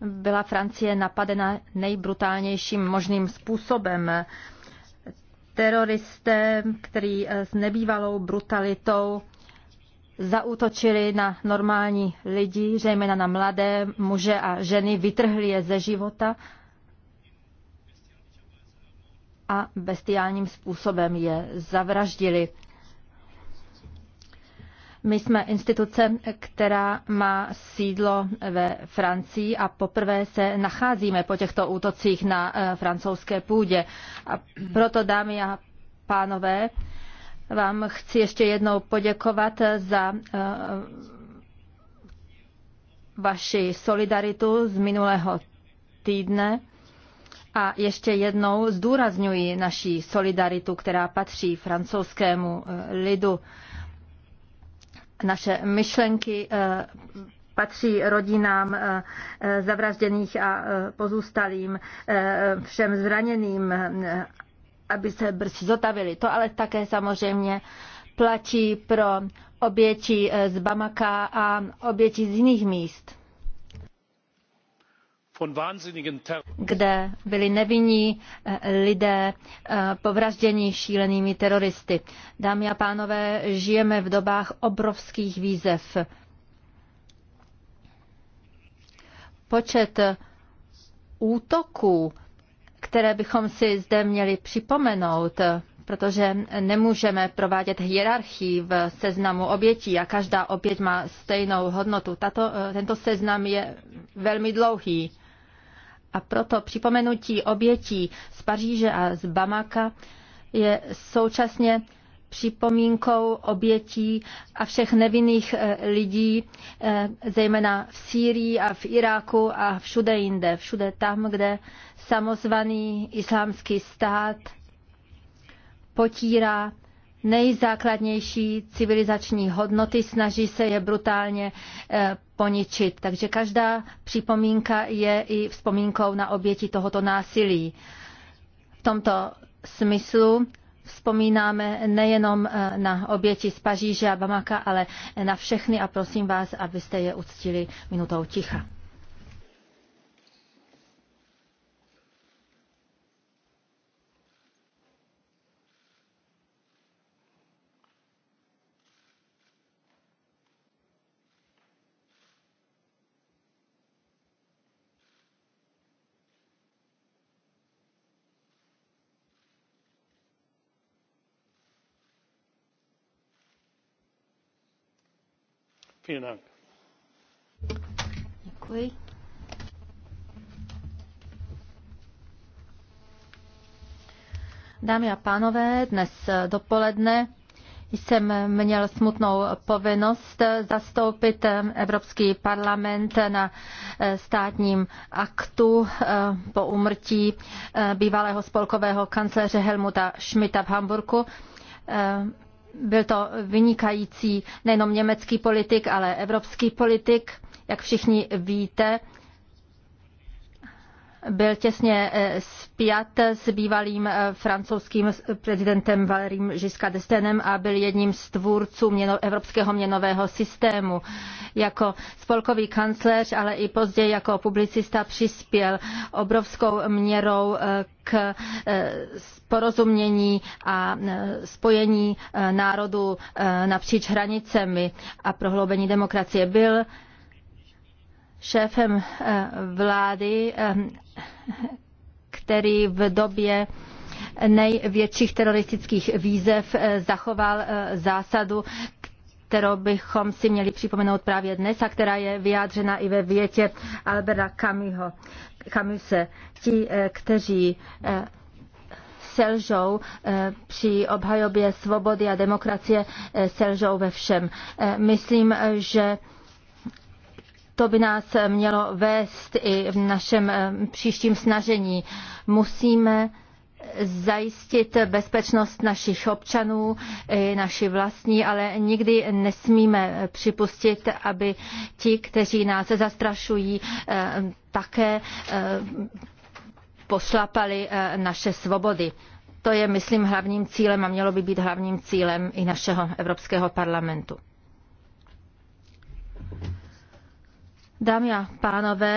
byla Francie napadena nejbrutálnějším možným způsobem. Teroristé, který eh, s nebývalou brutalitou zautočili na normální lidi, zejména na mladé muže a ženy, vytrhli je ze života a bestiálním způsobem je zavraždili. My jsme instituce, která má sídlo ve Francii a poprvé se nacházíme po těchto útocích na eh, francouzské půdě. A proto, dámy a pánové, vám chci ještě jednou poděkovat za eh, vaši solidaritu z minulého týdne a ještě jednou zdůrazňuji naší solidaritu, která patří francouzskému eh, lidu. Naše myšlenky eh, patří rodinám eh, eh, zavražděných a pozůstalým, všem zraněným, aby se brzy zotavili. To ale také samozřejmě platí pro oběti z Bamaka a oběti z jiných míst kde byli nevinní eh, lidé eh, povražděni šílenými teroristy. Dámy a pánové, žijeme v dobách obrovských výzev. Počet útoků, které bychom si zde měli připomenout, protože nemůžeme provádět hierarchii v seznamu obětí a každá oběť má stejnou hodnotu. Tato, eh, tento seznam je velmi dlouhý a proto připomenutí obětí z Paříže a z Bamaka je současně připomínkou obětí a všech nevinných eh, lidí, eh, zejména v Sýrii a v Iráku a všude jinde, všude tam, kde samozvaný islámský stát potírá nejzákladnější civilizační hodnoty, snaží se je brutálně eh, poničit. Takže každá připomínka je i vzpomínkou na oběti tohoto násilí. V tomto smyslu vzpomínáme nejenom eh, na oběti z Paříže a Bamaka, ale na všechny a prosím vás, abyste je uctili minutou ticha. Dámy a pánové, dnes dopoledne jsem měl smutnou povinnost zastoupit Evropský parlament na eh, státním aktu eh, po umrtí eh, bývalého spolkového kancléře Helmuta Schmidta v Hamburku byl to vynikající nejenom německý politik, ale evropský politik. Jak všichni víte, byl těsně eh, spjat s bývalým eh, francouzským prezidentem Valerím Žiska Destenem a byl jedním z tvůrců měno, evropského měnového systému. Jako spolkový kancléř, ale i později jako publicista přispěl obrovskou měrou eh, k porozumění a spojení národů napříč hranicemi a prohloubení demokracie. Byl šéfem eh, vlády, eh, který v době největších teroristických výzev eh, zachoval zásadu, kterou bychom si měli připomenout právě dnes a která je vyjádřena i ve větě Alberta kamiho, Camuse. Ti, kteří selžou při obhajobě svobody a demokracie, selžou ve všem. Myslím, že to by nás mělo vést i v našem eh, příštím snažení. Musíme zajistit bezpečnost našich občanů, naši vlastní, ale nikdy nesmíme připustit, aby ti, kteří nás zastrašují, eh, také eh, pošlapali naše svobody. To je, myslím, hlavním cílem a mělo by být hlavním cílem i našeho Evropského parlamentu. Dámy a pánové,